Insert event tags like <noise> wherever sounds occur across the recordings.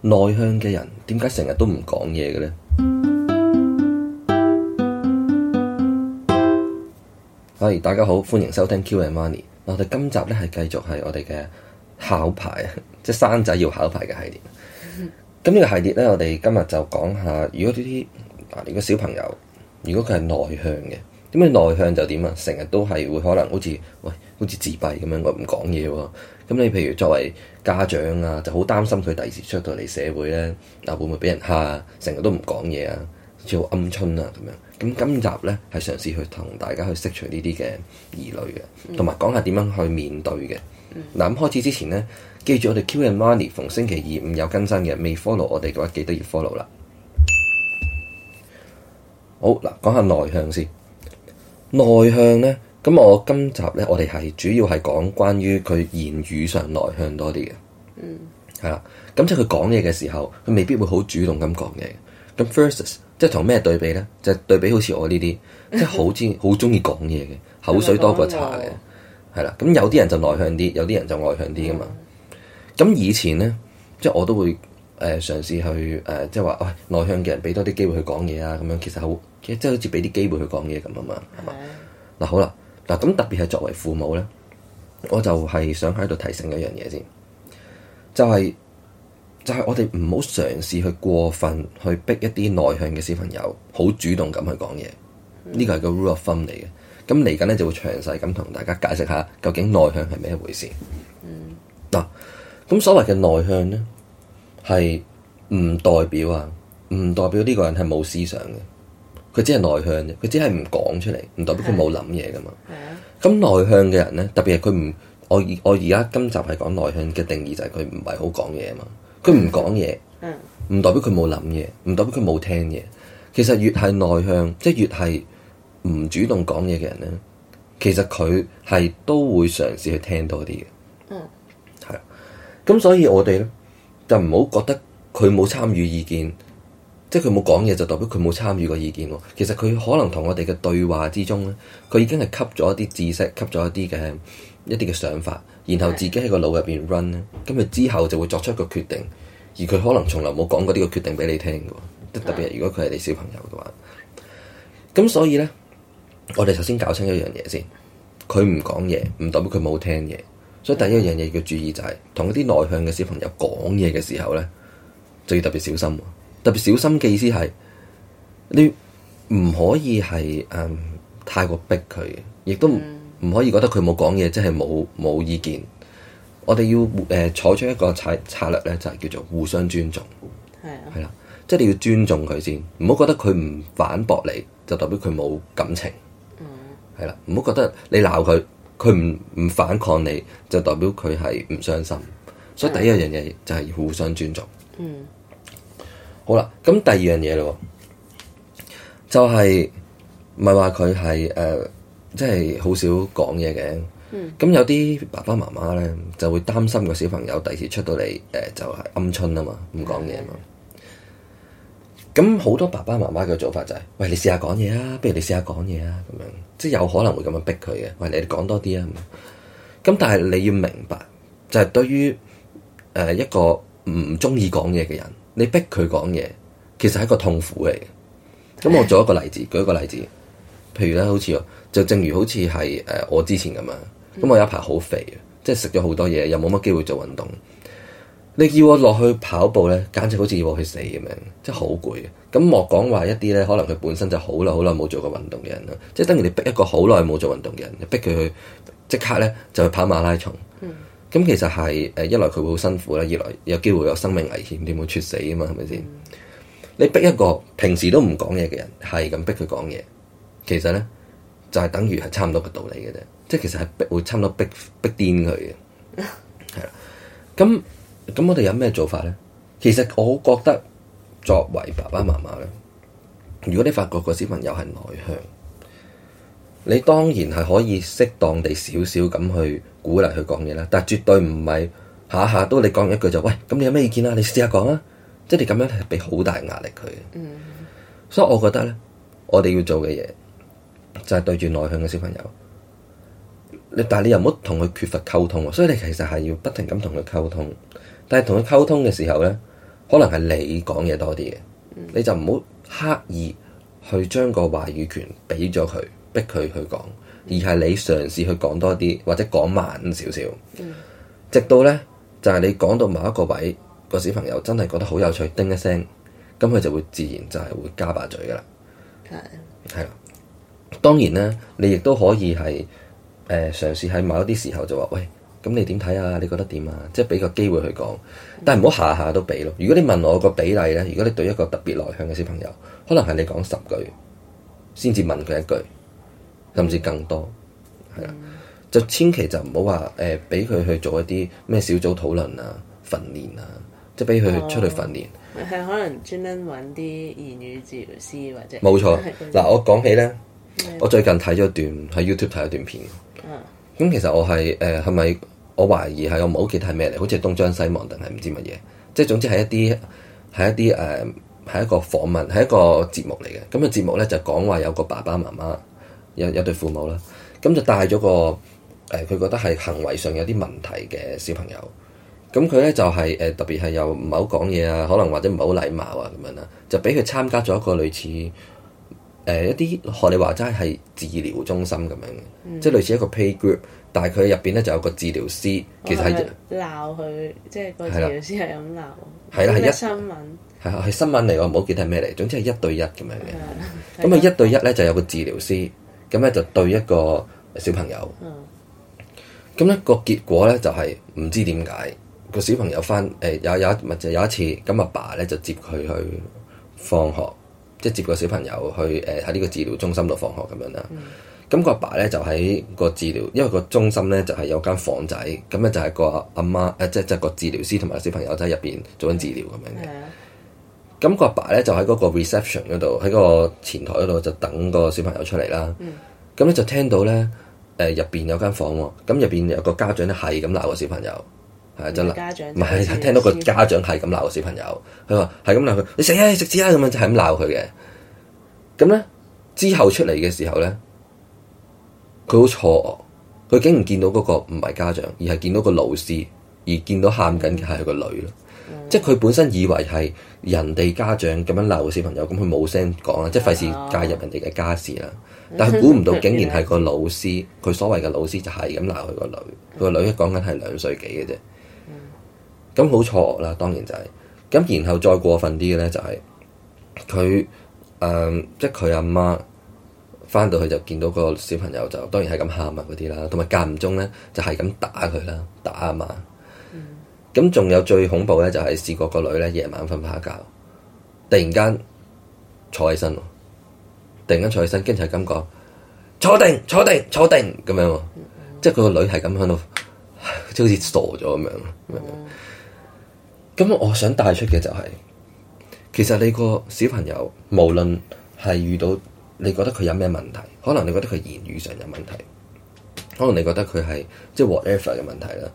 內向嘅人點解成日都唔講嘢嘅咧？嗨、 <music> hey，大家好，歡迎收聽 Q and Money。我哋今集咧係繼續係我哋嘅考牌啊，即係生仔要考牌嘅系列。咁呢 <music> 個系列咧，我哋今日就講下，如果呢啲啊，如果小朋友，如果佢係內向嘅。咁你內向就點啊？成日都係會可能好似喂，好似自閉咁樣，我唔講嘢喎。咁你譬如作為家長啊，就好擔心佢第時出到嚟社會咧，嗱會唔會俾人蝦？成日都唔講嘢啊，超鵪鶉啊咁樣。咁今集咧係嘗試去同大家去釋除呢啲嘅疑慮嘅，同埋講下點樣去面對嘅。嗱咁、嗯、開始之前咧，記住我哋 Q and Money 逢星期二五有更新嘅，未 follow 我哋嘅話記得要 follow 啦。好嗱，講下內向先。內向呢？咁我今集呢，我哋係主要係講關於佢言語上內向多啲嘅，嗯，係啦，咁即係佢講嘢嘅時候，佢未必會好主動咁講嘢。咁 versus 即係同咩對比呢？就係，對比好似我呢啲， <laughs> 即係好中好中意講嘢嘅，口水多過茶嘅，係啦，嗯。咁有啲人就內向啲，有啲人就外向啲噶嘛。咁，嗯，以前呢，即係我都會誒嘗試去誒，即係話喂，內向嘅人俾多啲機會去講嘢啊，咁樣其實好。即係好似俾啲機會佢講嘢咁啊嘛，係嘛，嗱好啦，嗱咁特別係作為父母咧，我就係想喺度提醒一樣嘢先，就係、是、就係、是、我哋唔好嘗試去過分去逼一啲內向嘅小朋友好主動咁去講嘢。呢個係個 rule of thumb 嚟嘅。咁嚟緊咧，就會詳細咁同大家解釋下究竟內向係咩一回事。嗱、嗯，咁所謂嘅內向咧係唔代表啊，唔代表呢個人係冇思想嘅。佢只係內向嘅，佢只係唔講出嚟，唔代表佢冇諗嘢噶嘛。係啊。咁內向嘅人咧，特別係佢唔，我我而家今集係講內向嘅定義就係佢唔係好講嘢啊嘛。佢唔講嘢，嗯，唔代表佢冇諗嘢，唔代表佢冇聽嘢。其實越係內向，即係越係唔主動講嘢嘅人咧，其實佢係都會嘗試去聽多啲嘅。嗯，係啊。咁所以我哋咧就唔好覺得佢冇參與意見。即係佢冇講嘢，就代表佢冇參與過意見。其實佢可能同我哋嘅對話之中咧，佢已經係吸咗一啲知識，吸咗一啲嘅一啲嘅想法，然後自己喺個腦入邊 run 咧，咁佢之後就會作出一個決定。而佢可能從來冇講過呢個決定俾你聽嘅，即特別係如果佢係你小朋友嘅話，咁所以咧，我哋首先搞清一樣嘢先，佢唔講嘢，唔代表佢冇聽嘢。所以第一樣嘢要注意就係同一啲內向嘅小朋友講嘢嘅時候咧，就要特別小心。特別小心技，意思係你唔可以係誒、嗯、太過逼佢，亦都唔可以覺得佢冇講嘢，即係冇冇意見。我哋要誒採、呃、取一個策策略咧，就係、是、叫做互相尊重。係係是、啊、啦，即、就、係、是、你要尊重佢先，唔好覺得佢唔反駁你，就代表佢冇感情。係是、啊、啦，唔好覺得你鬧佢，佢唔唔反抗你，就代表佢係唔傷心。所以第一樣嘢就係互相尊重。是啊、嗯。好啦，咁第二樣嘢咯，就係唔係話佢係誒，即係好少講嘢嘅。咁有啲爸爸媽媽咧就會擔心個小朋友第時出到嚟誒、呃，就係、是、鵪鶉啊嘛，唔講嘢嘛。咁好的多爸爸媽媽嘅做法就係、是，喂，你試下講嘢啊，不如你試下講嘢啊，咁樣即係、就是、有可能會咁樣逼佢嘅。喂，你哋講多啲啊。咁但係你要明白，就係、是、對於誒、呃、一個唔中意講嘢嘅人。你逼佢講嘢，其實係一個痛苦嚟嘅。咁我做一個例子， <laughs> 舉一個例子，譬如咧，好似就正如好似係誒我之前咁樣。咁我有一排好肥啊，即係食咗好多嘢，又冇乜機會做運動。你叫我落去跑步咧，簡直好似要我去死咁樣，即係好攰嘅。咁莫講話一啲咧，可能佢本身就好耐好耐冇做過運動嘅人啦，即係等於你逼一個好耐冇做運動嘅人，逼佢去即刻咧就去跑馬拉松。 <laughs> 咁其實係誒一來佢會好辛苦啦，二來有機會有生命危險，點會猝死啊嘛？係咪先？嗯、你逼一個平時都唔講嘢嘅人，係咁逼佢講嘢，其實咧就係、係、等於係差唔多嘅道理嘅啫。即係其實係逼，會差唔多逼逼癲佢嘅，係啦。咁咁，我哋有咩做法咧？其實我覺得作為爸爸媽媽咧，如果你發覺個小朋友係內向，你當然係可以適當地少少咁去。鼓勵去講嘢啦，但係絕對唔係下下都你講一句就喂，咁你有咩意見啊？你試下講啊！即係你咁樣係俾好大壓力佢。Mm hmm. 所以我覺得咧，我哋要做嘅嘢就係對住內向嘅小朋友，但係你又唔好同佢缺乏溝通，所以你其實係要不停咁同佢溝通。但係同佢溝通嘅時候呢，可能係你講嘢多啲嘅，mm hmm. 你就唔好刻意去將個話語權俾咗佢，逼佢去講。而係你嘗試去講多啲，或者講慢少少，嗯、直到呢，就係、是、你講到某一個位，個小朋友真係覺得好有趣，叮一聲，咁佢就會自然就係會加把嘴噶啦。係、嗯，係啦。當然呢，你亦都可以係誒、呃、嘗試喺某一啲時候就話，喂，咁你點睇啊？你覺得點啊？即係俾個機會去講，但係唔好下下都俾咯。如果你問我個比例呢，如果你對一個特別內向嘅小朋友，可能係你講十句先至問佢一句。甚至更多，係、呃、啊，啊，就千祈就唔好話誒，俾佢去做一啲咩小組討論啊、訓練啊，即係俾佢出去訓練。係、哦、可能專登揾啲言語治療師或者冇錯。嗱錯， <laughs> 我講起咧，的我最近睇咗一段喺 YouTube 睇咗段片。咁、哦、其實我係誒係咪我懷疑係我冇屋企睇咩嚟？好似東張西望定係唔知乜嘢？即係總之係一啲係一啲誒係一個訪問，係一個節目嚟嘅。咁個節目咧就講話有個爸爸媽媽。有有對父母啦，咁就帶咗個誒，佢覺得係行為上有啲問題嘅小朋友，咁佢咧就係、是、誒、呃、特別係又唔好講嘢啊，可能或者唔好禮貌啊咁樣啦，就俾佢參加咗一個類似誒、呃、一啲學你話齋係治療中心咁樣嘅，嗯、即係類似一個 play group，但係佢入邊咧就有個治療師，其實係鬧佢，即係個治療師係咁鬧，係啦，一新聞係係新聞嚟，我唔好記得係咩嚟，總之係一對一咁樣嘅，咁啊一對一咧就有個治療師。咁咧就對一個小朋友，咁咧、嗯、個結果咧就係、是、唔知點解、那個小朋友返誒、呃、有有一物就有一次，咁阿爸咧就接佢去放學，即、就、係、是、接個小朋友去誒喺呢個治療中心度放學咁樣啦。咁、嗯、個阿爸咧就喺個治療，因為個中心咧就係、是、有間房仔，咁咧就係個阿媽誒，即係即係個治療師同埋小朋友都喺入邊做緊治療咁樣嘅。嗯咁個阿爸咧就喺嗰個 reception 嗰度，喺個前台嗰度就等個小朋友出嚟啦。咁咧、嗯、就聽到咧誒入邊有間房喎，咁入邊有個家長咧係咁鬧個小朋友，係真啦，唔係，聽到個家長係咁鬧個小朋友，佢話係咁鬧佢，你死啦，你食屎啦咁樣就係咁鬧佢嘅。咁咧之後出嚟嘅時候咧，佢好錯，佢竟然見到嗰個唔係家長，而係見到個老師，而見到喊緊嘅係個女咯。即係佢本身以為係人哋家長咁樣鬧個小朋友，咁佢冇聲講啊！ <laughs> 即係費事介入人哋嘅家事啦。但係估唔到竟然係個老師，佢 <laughs> 所謂嘅老師就係咁鬧佢個女。佢個 <laughs> 女一講緊係兩歲幾嘅啫，咁好 <laughs> 錯愕啦！當然就係、是，咁然後再過分啲嘅咧就係佢誒，即係佢阿媽翻到去就見到個小朋友就當然係咁喊啊嗰啲啦，同埋間唔中咧就係咁打佢啦，打啊嘛。咁仲有最恐怖咧，就係試過個女咧，夜晚瞓埋一覺，突然間坐起身，突然間坐起身，驚就係感覺坐定坐定坐定咁樣，即係佢個女係咁響度，即好似傻咗咁樣。咁我想帶出嘅就係、是，其實你個小朋友無論係遇到你覺得佢有咩問題，可能你覺得佢言語上有問題，可能你覺得佢係即係、就是、whatever 嘅問題啦。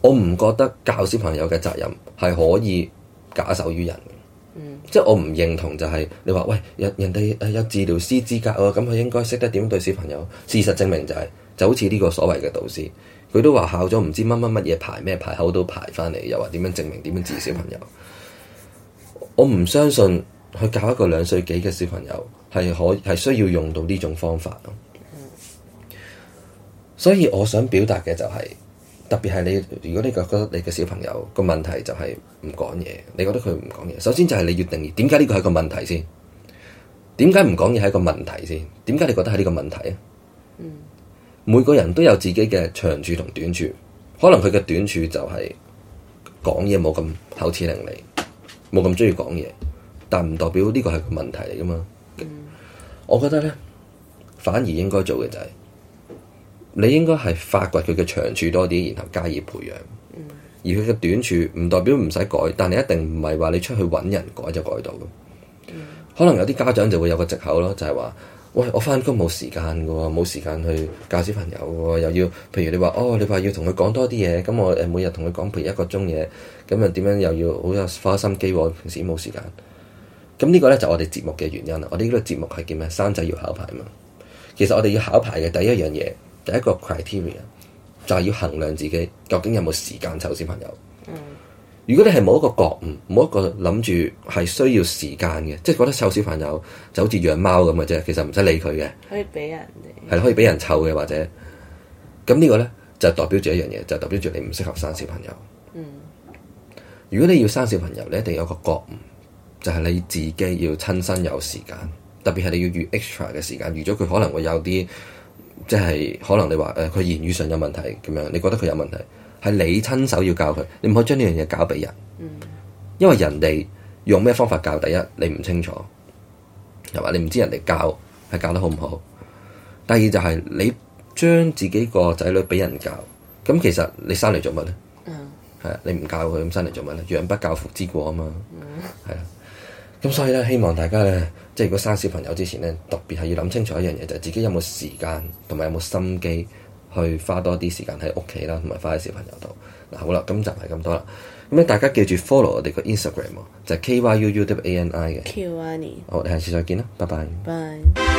我唔覺得教小朋友嘅責任係可以假手於人、嗯、即係我唔認同就係、是、你話喂，人人哋有治療師資格啊，咁佢應該識得點對小朋友。事實證明就係、是、就好似呢個所謂嘅導師，佢都話考咗唔知乜乜乜嘢牌咩牌口都排翻嚟，又話點樣證明點樣治小朋友。嗯、我唔相信去教一個兩歲幾嘅小朋友係可係需要用到呢種方法咯。所以我想表達嘅就係、是。特別係你，如果你覺得你嘅小朋友個問題就係唔講嘢，你覺得佢唔講嘢，首先就係你要定義點解呢個係個問題先，點解唔講嘢係一個問題先，點解你覺得係呢個問題啊？嗯，每個人都有自己嘅長處同短處，可能佢嘅短處就係講嘢冇咁口齒伶俐，冇咁中意講嘢，但唔代表呢個係個問題嚟噶嘛？嗯，我覺得咧，反而應該做嘅就係、是。你應該係發掘佢嘅長處多啲，然後加以培養。而佢嘅短處唔代表唔使改，但你一定唔係話你出去揾人改就改到。可能有啲家長就會有個藉口咯，就係話：喂，我翻工冇時間嘅喎，冇時間去教小朋友喎，又要譬如你話哦，你話要同佢講多啲嘢，咁我每日同佢講培一個鐘嘢，咁啊點樣又要好有花心機喎？平時冇時間。咁呢個呢，就我哋節目嘅原因啦。我哋呢個節目係叫咩？生仔要考牌嘛。其實我哋要考牌嘅第一樣嘢。第一個 criteria 就係要衡量自己究竟有冇時間湊小朋友。嗯，如果你係冇一個覺悟，冇一個諗住係需要時間嘅，即係覺得湊小朋友就好似養貓咁嘅啫，其實唔使理佢嘅，可以俾人哋係可以俾人湊嘅，或者咁呢個咧，就代表住一樣嘢，就代表住你唔適合生小朋友。嗯，如果你要生小朋友，你一定有個覺悟，就係你自己要親身有時間，特別係你要預 extra 嘅時間，預咗佢可能會有啲。即係可能你話，誒佢言語上有問題咁樣，你覺得佢有問題，係你親手要教佢，你唔可以將呢樣嘢教俾人。嗯，因為人哋用咩方法教，第一你唔清楚，係嘛？你唔知人哋教係教得好唔好。第二就係你將自己個仔女俾人教，咁其實你生嚟做乜呢？係啊，嗯，你唔教佢咁生嚟做乜呢？養不教，父之過啊嘛。嗯，係啊。咁所以咧，希望大家咧，即係如果生小朋友之前咧，特別係要諗清楚一樣嘢，就係自己有冇時間同埋有冇心機去花多啲時間喺屋企啦，同埋花喺小朋友度。嗱、啊，好啦，咁就係咁多啦。咁咧，大家記住 follow 我哋個 Instagram，就係 K Y U U W A N I 嘅。Kyuwani。好，我哋下次再見啦，拜拜。Bye.